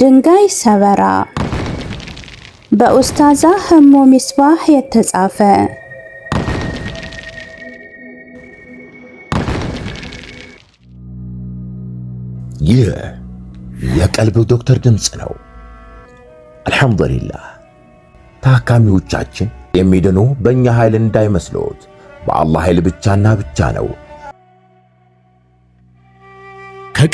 ድንጋይ ሰበራ በኡስታዛ ህሞ ሚስባህ የተጻፈ ይህ የቀልብ ዶክተር ድምፅ ነው። አልሐምዱሊላህ ታካሚዎቻችን የሚድኑ በእኛ ኃይል እንዳይመስሎት፣ በአላህ ኃይል ብቻና ብቻ ነው።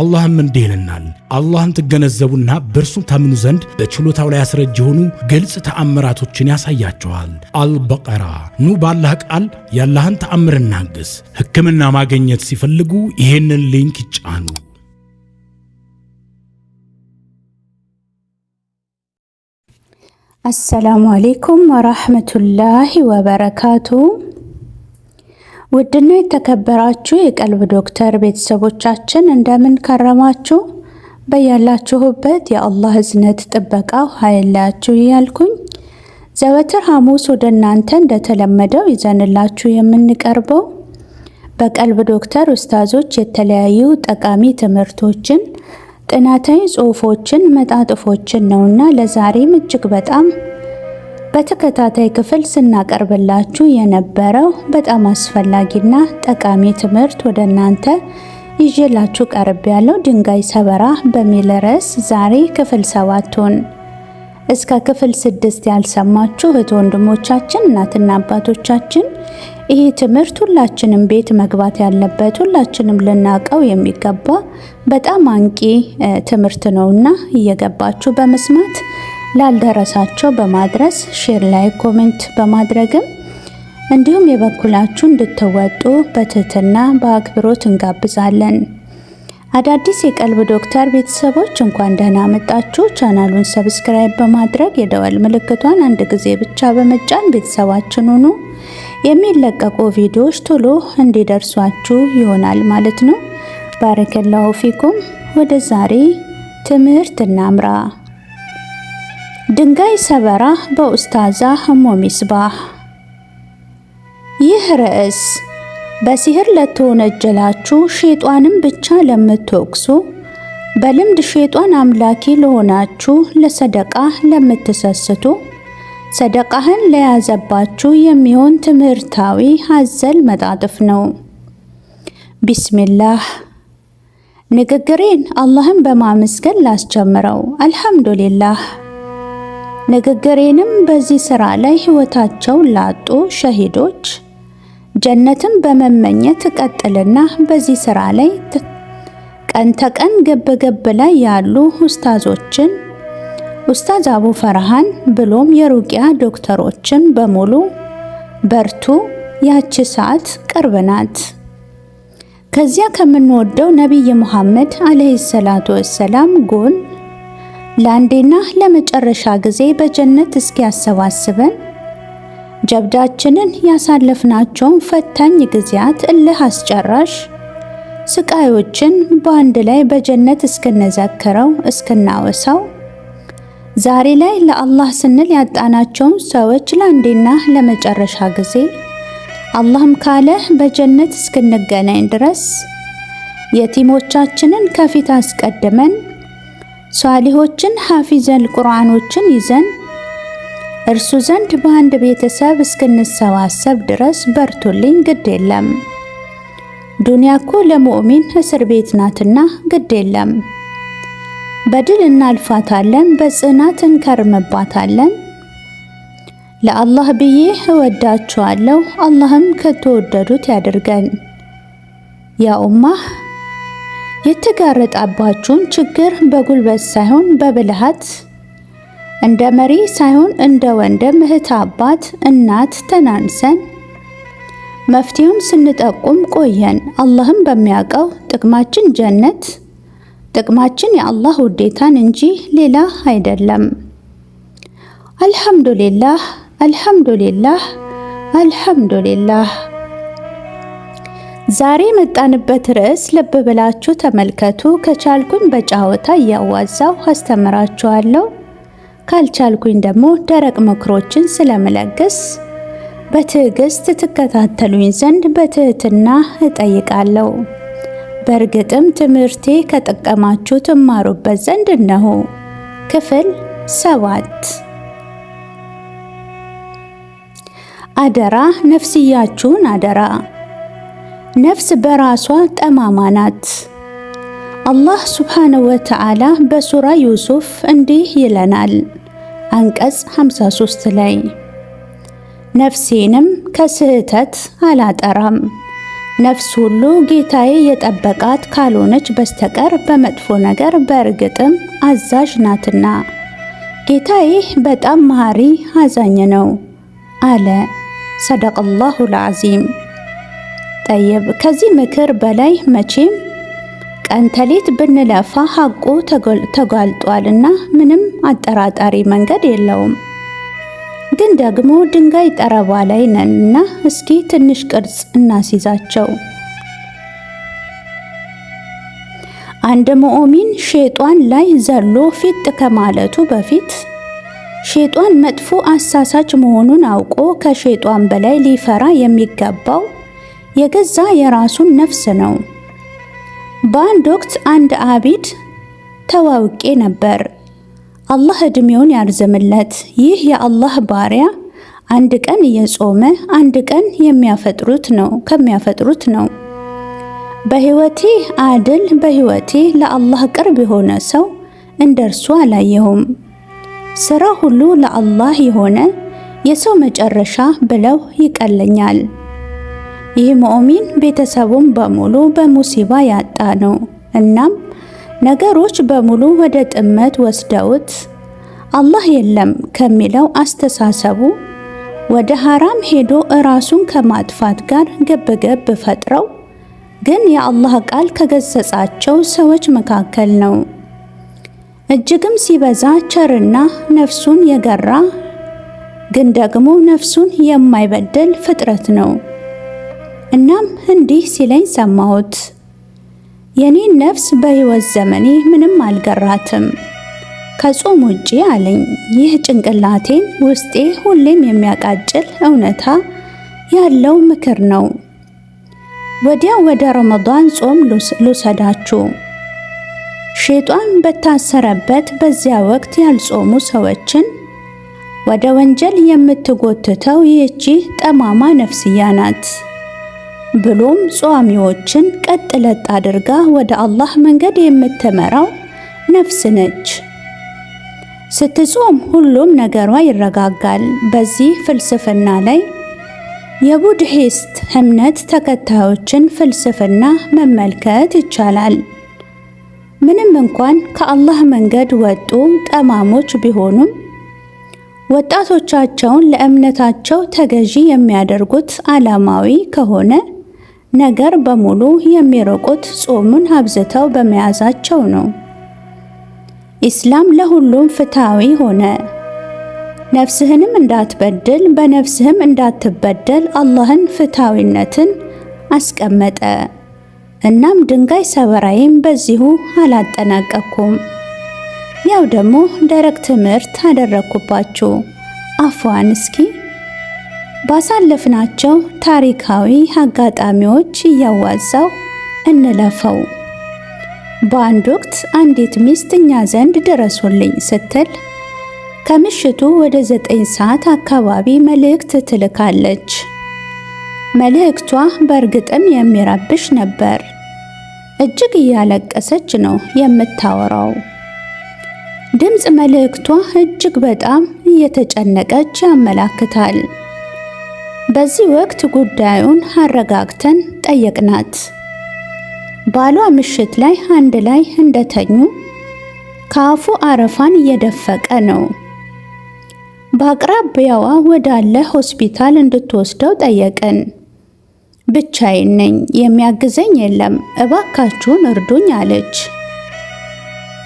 አላህም እንዲህ ይለናል፣ አላህን ትገነዘቡና በእርሱ ታምኑ ዘንድ በችሎታው ላይ አስረጅ የሆኑ ግልጽ ተአምራቶችን ያሳያቸዋል። አልበቀራ ኑ ባላህ ቃል ያላህን ተአምር እናግስ። ሕክምና ማግኘት ሲፈልጉ ይሄንን ሊንክ ይጫኑ። አሰላሙ አሌይኩም ወራህመቱላሂ ወበረካቱ ውድና የተከበራችሁ የቀልብ ዶክተር ቤተሰቦቻችን እንደምን ከረማችሁ? በያላችሁበት የአላህ እዝነት ጥበቃው ሀይላችሁ እያልኩኝ ዘወትር ሐሙስ ወደ እናንተ እንደተለመደው ይዘንላችሁ የምንቀርበው በቀልብ ዶክተር ኡስታዞች የተለያዩ ጠቃሚ ትምህርቶችን፣ ጥናታዊ ጽሁፎችን፣ መጣጥፎችን ነውና ለዛሬም እጅግ በጣም በተከታታይ ክፍል ስናቀርብላችሁ የነበረው በጣም አስፈላጊና ጠቃሚ ትምህርት ወደ እናንተ ይዤላችሁ ቀርብ ያለው ድንጋይ ሰበራ በሚል ርዕስ ዛሬ ክፍል ሰባቱን እስከ ክፍል ስድስት ያልሰማችሁ እህት ወንድሞቻችን፣ እናትና አባቶቻችን ይህ ትምህርት ሁላችንም ቤት መግባት ያለበት ሁላችንም ልናውቀው የሚገባ በጣም አንቂ ትምህርት ነውና እየገባችሁ በመስማት ላልደረሳቸው በማድረስ ሼር ላይ ኮሜንት በማድረግም እንዲሁም የበኩላችሁ እንድትወጡ በትህትና በአክብሮት እንጋብዛለን። አዳዲስ የቀልብ ዶክተር ቤተሰቦች እንኳን ደህና መጣችሁ። ቻናሉን ሰብስክራይብ በማድረግ የደወል ምልክቷን አንድ ጊዜ ብቻ በመጫን ቤተሰባችን ሁኑ። የሚለቀቁ ቪዲዮዎች ቶሎ እንዲደርሷችሁ ይሆናል ማለት ነው። ባረከላሁ ፊኩም። ወደ ዛሬ ትምህርት እናምራ። ድንጋይ ሰበራ በኡስታዛ እሞ ሚስባህ። ይህ ርዕስ በሲህር ለተወነጀላችሁ ሼጧንም ብቻ ለምትወቅሱ በልምድ ሼጧን አምላኪ ለሆናችሁ ለሰደቃ ለምትሰስቱ ሰደቃህን ለያዘባችሁ የሚሆን ትምህርታዊ አዘል መጣጥፍ ነው። ቢስሚላህ ንግግሬን አላህን በማመስገን ላስጀምረው። አልሐምዱሊላህ ንግግሬንም በዚህ ሥራ ላይ ህይወታቸው ላጡ ሸሂዶች ጀነትን በመመኘት ቀጥልና በዚህ ሥራ ላይ ቀን ተቀን ገብ ገብ ላይ ያሉ ኡስታዞችን ኡስታዝ አቡ ፈርሃን ብሎም የሩቂያ ዶክተሮችን በሙሉ በርቱ፣ ያቺ ሰዓት ቅርብ ናት። ከዚያ ከምንወደው ነቢይ ሙሐመድ አለይሂ ሰላቱ ወሰላም ጎን ለአንዴና ለመጨረሻ ጊዜ በጀነት እስኪያሰባስበን ጀብዳችንን ያሳለፍናቸውን ፈታኝ ጊዜያት እልህ አስጨራሽ ስቃዮችን በአንድ ላይ በጀነት እስክንዘክረው እስክናወሳው ዛሬ ላይ ለአላህ ስንል ያጣናቸውን ሰዎች ለአንዴና ለመጨረሻ ጊዜ አላህም ካለ በጀነት እስክንገናኝ ድረስ የቲሞቻችንን ከፊት አስቀድመን ሷሊሆችን ሐፊዘል ቁርአኖችን ይዘን እርሱ ዘንድ በአንድ ቤተሰብ እስክንሰባሰብ ድረስ በርቱልኝ፣ ግድ የለም። ዱንያ እኮ ለሙእሚን እስር ቤት ናትና ግድ የለም። በድል እናልፋታለን፣ በጽናት እንከርምባታለን። ለአላህ ብዬ እወዳችኋለሁ። አላህም ከተወደዱት ያድርገን። ያ ኡማህ የተጋረጠባችሁን ችግር በጉልበት ሳይሆን በብልሃት እንደ መሪ ሳይሆን እንደ ወንድም እህት፣ አባት፣ እናት ተናንሰን መፍትሄውን ስንጠቁም ቆየን። አላህም በሚያውቀው ጥቅማችን ጀነት፣ ጥቅማችን የአላህ ውዴታን እንጂ ሌላ አይደለም። አልሐምዱሊላህ፣ አልሐምዱሊላህ፣ አልሐምዱሊላህ ዛሬ የመጣንበት ርዕስ ልብ ብላችሁ ተመልከቱ። ከቻልኩኝ በጨዋታ እያዋዛሁ አስተምራችኋለሁ፣ ካልቻልኩኝ ደግሞ ደረቅ ምክሮችን ስለምለግስ በትዕግስት ትከታተሉኝ ዘንድ በትህትና እጠይቃለሁ። በእርግጥም ትምህርቴ ከጠቀማችሁ ትማሩበት ዘንድ እነሆ ክፍል ሰባት አደራ ነፍስያችሁን አደራ ነፍስ በራሷ ጠማማ ናት። አላህ ሱብሓነሁ ወተዓላ በሱራ ዩሱፍ እንዲህ ይለናል አንቀጽ 53 ላይ ነፍሴንም ከስህተት አላጠራም ነፍስ ሁሉ ጌታዬ የጠበቃት ካልሆነች በስተቀር በመጥፎ ነገር በእርግጥም አዛዥ ናትና ጌታዬ በጣም መሐሪ አዛኝ ነው አለ። ሰደቀላሁል አዚም ጠየብ ከዚህ ምክር በላይ መቼም ቀንተሌት ብንለፋ ሀቁ ተጋልጧልና ምንም አጠራጣሪ መንገድ የለውም። ግን ደግሞ ድንጋይ ጠረባ ላይ ነንና እስቲ ትንሽ ቅርጽ እናስይዛቸው። አንድ ሙእሚን ሼጧን ላይ ዘሎ ፊጥ ከማለቱ በፊት ሼጧን መጥፎ አሳሳች መሆኑን አውቆ ከሼጧን በላይ ሊፈራ የሚገባው የገዛ የራሱን ነፍስ ነው። በአንድ ወቅት አንድ አቢድ ተዋውቄ ነበር። አላህ ዕድሜውን ያርዝምለት። ይህ የአላህ ባሪያ አንድ ቀን እየጾመ አንድ ቀን የሚያፈጥሩት ነው ከሚያፈጥሩት ነው። በህይወቴ አድል በህይወቴ ለአላህ ቅርብ የሆነ ሰው እንደርሱ አላየሁም። ስራ ሁሉ ለአላህ የሆነ የሰው መጨረሻ ብለው ይቀለኛል። ይህ ሙእሚን ቤተሰቡን በሙሉ በሙሲባ ያጣ ነው። እናም ነገሮች በሙሉ ወደ ጥመት ወስደውት አላህ የለም ከሚለው አስተሳሰቡ ወደ ሐራም ሄዶ እራሱን ከማጥፋት ጋር ገብገብ ፈጥረው ግን የአላህ ቃል ከገሰጻቸው ሰዎች መካከል ነው። እጅግም ሲበዛ ቸርና ነፍሱን የገራ ግን ደግሞ ነፍሱን የማይበደል ፍጥረት ነው። እናም እንዲህ ሲለኝ ሰማሁት። የኔን ነፍስ በሕይወት ዘመኔ ምንም አልገራትም ከጾም ውጪ አለኝ። ይህ ጭንቅላቴን ውስጤ ሁሌም የሚያቃጭል እውነታ ያለው ምክር ነው። ወዲያ ወደ ረመዳን ጾም ልውሰዳችሁ። ሼጧን በታሰረበት በዚያ ወቅት ያልጾሙ ሰዎችን ወደ ወንጀል የምትጎትተው ይህቺ ጠማማ ነፍስያ ናት። ብሎም ጿሚዎችን ቀጥ ለጥ አድርጋ ወደ አላህ መንገድ የምትመራው ነፍስ ነች። ስትጾም ሁሉም ነገሯ ይረጋጋል። በዚህ ፍልስፍና ላይ የቡድሂስት እምነት ተከታዮችን ፍልስፍና መመልከት ይቻላል። ምንም እንኳን ከአላህ መንገድ ወጡ ጠማሞች ቢሆኑም ወጣቶቻቸውን ለእምነታቸው ተገዢ የሚያደርጉት ዓላማዊ ከሆነ ነገር በሙሉ የሚርቁት ጾሙን አብዝተው በመያዛቸው ነው። ኢስላም ለሁሉም ፍትሃዊ ሆነ። ነፍስህንም እንዳትበድል በነፍስህም እንዳትበደል አላህን ፍትሃዊነትን አስቀመጠ። እናም ድንጋይ ሰበራይም በዚሁ አላጠናቀኩም። ያው ደግሞ ደረቅ ትምህርት አደረግኩባችሁ። አፏን እስኪ ባሳለፍናቸው ታሪካዊ አጋጣሚዎች እያዋዛው እንለፈው። በአንድ ወቅት አንዲት ሚስት እኛ ዘንድ ድረሱልኝ ስትል ከምሽቱ ወደ ዘጠኝ ሰዓት አካባቢ መልእክት ትልካለች። መልእክቷ በእርግጥም የሚረብሽ ነበር። እጅግ እያለቀሰች ነው የምታወራው። ድምፅ መልእክቷ እጅግ በጣም እየተጨነቀች ያመላክታል። በዚህ ወቅት ጉዳዩን አረጋግተን ጠየቅናት። ባሏ ምሽት ላይ አንድ ላይ እንደተኙ ከአፉ አረፋን እየደፈቀ ነው። በአቅራቢያዋ ወዳለ ሆስፒታል እንድትወስደው ጠየቅን። ብቻዬን ነኝ፣ የሚያግዘኝ የለም፣ እባካችሁን እርዱኝ አለች።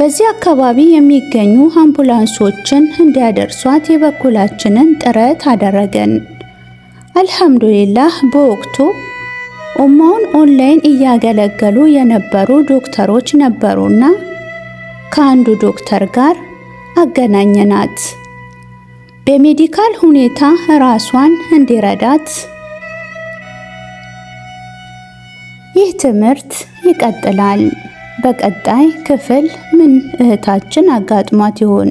በዚህ አካባቢ የሚገኙ አምቡላንሶችን እንዲያደርሷት የበኩላችንን ጥረት አደረገን። አልሐምዱሊላህ በወቅቱ ኡማውን ኦንላይን እያገለገሉ የነበሩ ዶክተሮች ነበሩና ከአንዱ ዶክተር ጋር አገናኘናት። በሜዲካል ሁኔታ ራሷን እንዲረዳት። ይህ ትምህርት ይቀጥላል። በቀጣይ ክፍል ምን እህታችን አጋጥሟት ይሆን?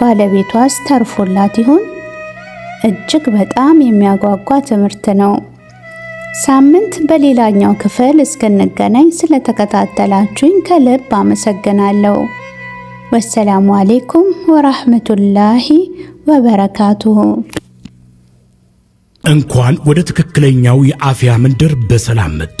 ባለቤቷስ ተርፎላት ይሆን? እጅግ በጣም የሚያጓጓ ትምህርት ነው። ሳምንት በሌላኛው ክፍል እስክንገናኝ ስለተከታተላችሁኝ ከልብ አመሰግናለሁ። ወሰላሙ አሌይኩም ወራህመቱላሂ ወበረካቱሁ። እንኳን ወደ ትክክለኛው የአፍያ መንደር በሰላም መጡ።